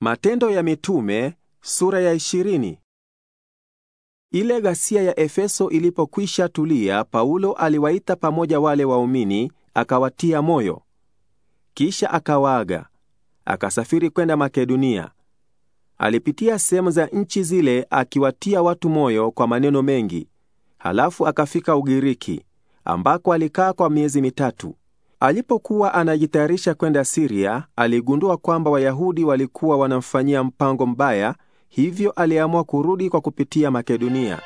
Matendo ya Mitume sura ya 20. Ile ghasia ya Efeso ilipokwisha tulia, Paulo aliwaita pamoja wale waumini, akawatia moyo. Kisha akawaaga, akasafiri kwenda Makedonia. Alipitia sehemu za nchi zile akiwatia watu moyo kwa maneno mengi. Halafu akafika Ugiriki, ambako alikaa kwa miezi mitatu. Alipokuwa anajitayarisha kwenda Siria, aligundua kwamba Wayahudi walikuwa wanamfanyia mpango mbaya, hivyo aliamua kurudi kwa kupitia Makedonia.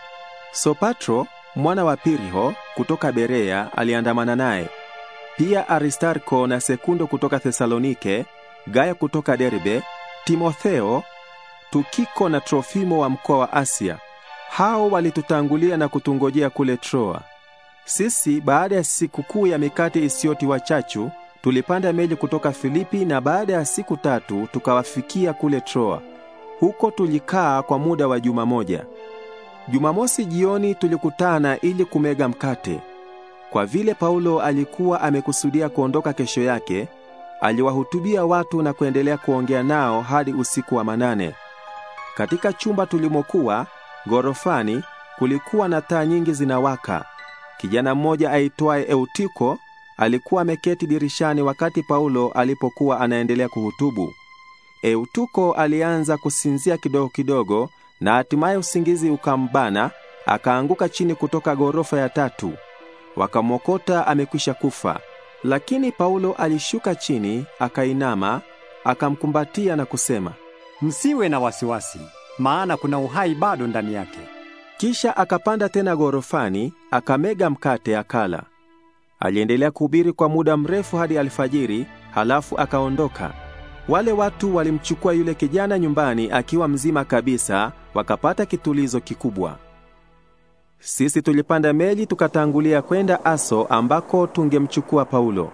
Sopatro mwana wa Piriho kutoka Berea aliandamana naye, pia Aristarko na Sekundo kutoka Thesalonike, Gaya kutoka Derbe, Timotheo, Tukiko na Trofimo wa mkoa wa Asia. Hao walitutangulia na kutungojea kule Troa. Sisi baada ya sikukuu ya mikate isiyotiwa chachu tulipanda meli kutoka Filipi na baada ya siku tatu tukawafikia kule Troa. Huko tulikaa kwa muda wa juma moja. Jumamosi jioni tulikutana ili kumega mkate. Kwa vile Paulo alikuwa amekusudia kuondoka kesho yake, aliwahutubia watu na kuendelea kuongea nao hadi usiku wa manane. Katika chumba tulimokuwa, gorofani, kulikuwa na taa nyingi zinawaka. Kijana mmoja aitwaye Eutiko alikuwa ameketi dirishani wakati Paulo alipokuwa anaendelea kuhutubu. Eutuko alianza kusinzia kidogo kidogo na hatimaye usingizi ukambana, akaanguka chini kutoka ghorofa ya tatu. Wakamwokota amekwisha kufa. Lakini Paulo alishuka chini, akainama, akamkumbatia na kusema, "Msiwe na wasiwasi, maana kuna uhai bado ndani yake." Kisha akapanda tena ghorofani, akamega mkate akala. Aliendelea kuhubiri kwa muda mrefu hadi alfajiri, halafu akaondoka. Wale watu walimchukua yule kijana nyumbani akiwa mzima kabisa, wakapata kitulizo kikubwa. Sisi tulipanda meli tukatangulia kwenda Aso ambako tungemchukua Paulo.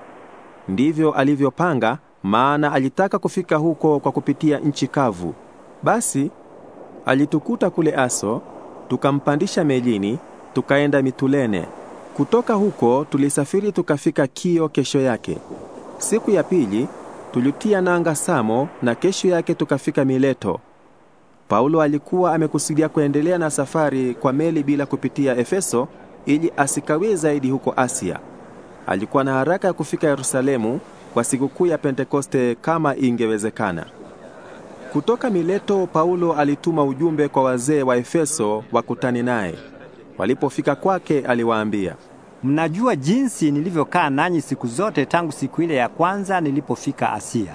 Ndivyo alivyopanga, maana alitaka kufika huko kwa kupitia nchi kavu. Basi alitukuta kule Aso tukampandisha melini tukaenda Mitulene. Kutoka huko tulisafiri tukafika Kio kesho yake. Siku ya pili tulitia nanga Samo na kesho yake tukafika Mileto. Paulo alikuwa amekusudia kuendelea na safari kwa meli bila kupitia Efeso ili asikawie zaidi huko Asia. Alikuwa na haraka ya kufika Yerusalemu kwa sikukuu ya Pentekoste kama ingewezekana. Kutoka Mileto Paulo alituma ujumbe kwa wazee wa Efeso wakutani naye. Walipofika kwake aliwaambia, Mnajua jinsi nilivyokaa nanyi siku zote tangu siku ile ya kwanza nilipofika Asia.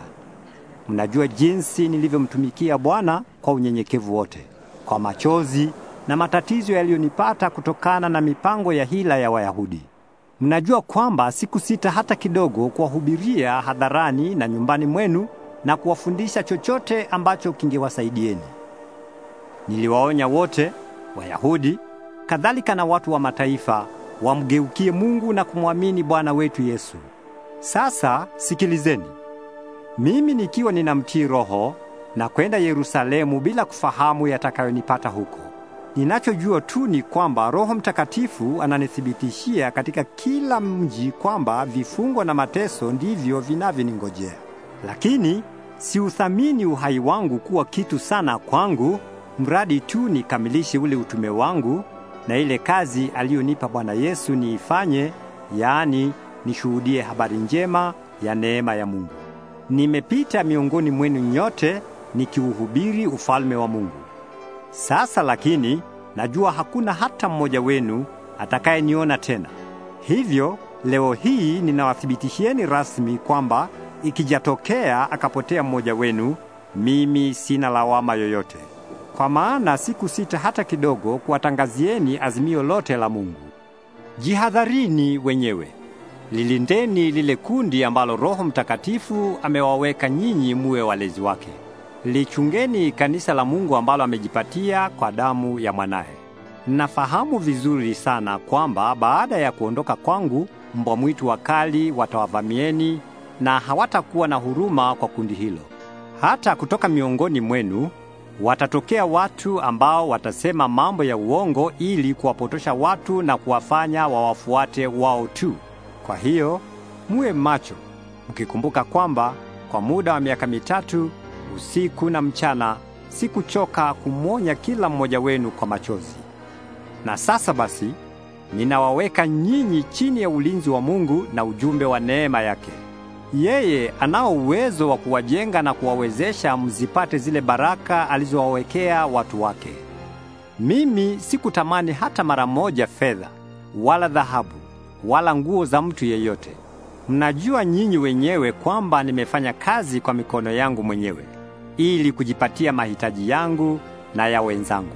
Mnajua jinsi nilivyomtumikia Bwana kwa unyenyekevu wote, kwa machozi na matatizo yaliyonipata kutokana na mipango ya hila ya Wayahudi. Mnajua kwamba siku sita hata kidogo kuwahubiria hadharani na nyumbani mwenu na kuwafundisha chochote ambacho kingewasaidieni. Niliwaonya wote Wayahudi kadhalika na watu wa mataifa wamgeukie Mungu na kumwamini Bwana wetu Yesu. Sasa sikilizeni. Mimi nikiwa ninamtii Roho na kwenda Yerusalemu bila kufahamu yatakayonipata huko. Ninachojua tu ni kwamba Roho Mtakatifu ananithibitishia katika kila mji kwamba vifungo na mateso ndivyo vinavyoningojea. Lakini siuthamini uhai wangu kuwa kitu sana kwangu, mradi tu nikamilishe ule utume wangu na ile kazi aliyonipa Bwana Yesu niifanye, yaani nishuhudie habari njema ya neema ya Mungu. Nimepita miongoni mwenu nyote nikiuhubiri ufalme wa Mungu. Sasa lakini najua hakuna hata mmoja wenu atakayeniona tena. Hivyo leo hii ninawathibitishieni rasmi kwamba ikijatokea akapotea mmoja wenu, mimi sina lawama yoyote, kwa maana siku sita hata kidogo kuwatangazieni azimio lote la Mungu. Jihadharini wenyewe, lilindeni lile kundi ambalo Roho Mtakatifu amewaweka nyinyi muwe walezi wake. Lichungeni kanisa la Mungu ambalo amejipatia kwa damu ya mwanaye. Nafahamu vizuri sana kwamba baada ya kuondoka kwangu, mbwa mwitu wakali watawavamieni na hawatakuwa na huruma kwa kundi hilo. Hata kutoka miongoni mwenu watatokea watu ambao watasema mambo ya uongo ili kuwapotosha watu na kuwafanya wawafuate wao tu. Kwa hiyo muwe macho, mkikumbuka kwamba kwa muda wa miaka mitatu usiku na mchana sikuchoka kumwonya kila mmoja wenu kwa machozi. Na sasa basi, ninawaweka nyinyi chini ya ulinzi wa Mungu na ujumbe wa neema yake. Yeye anao uwezo wa kuwajenga na kuwawezesha mzipate zile baraka alizowawekea watu wake. Mimi sikutamani hata mara moja fedha wala dhahabu wala nguo za mtu yeyote. Mnajua nyinyi wenyewe kwamba nimefanya kazi kwa mikono yangu mwenyewe ili kujipatia mahitaji yangu na ya wenzangu.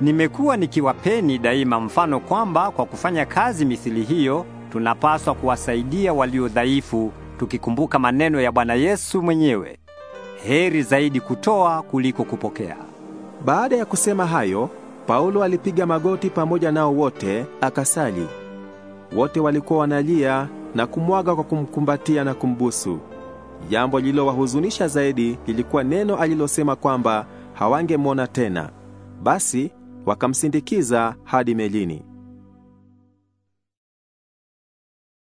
Nimekuwa nikiwapeni daima mfano kwamba kwa kufanya kazi mithili hiyo tunapaswa kuwasaidia walio dhaifu tukikumbuka maneno ya Bwana Yesu mwenyewe, heri zaidi kutoa kuliko kupokea. Baada ya kusema hayo, Paulo alipiga magoti pamoja nao wote akasali. Wote walikuwa wanalia na kumwaga kwa kumkumbatia na kumbusu. Jambo lililowahuzunisha zaidi lilikuwa neno alilosema kwamba hawangemwona tena. Basi wakamsindikiza hadi melini.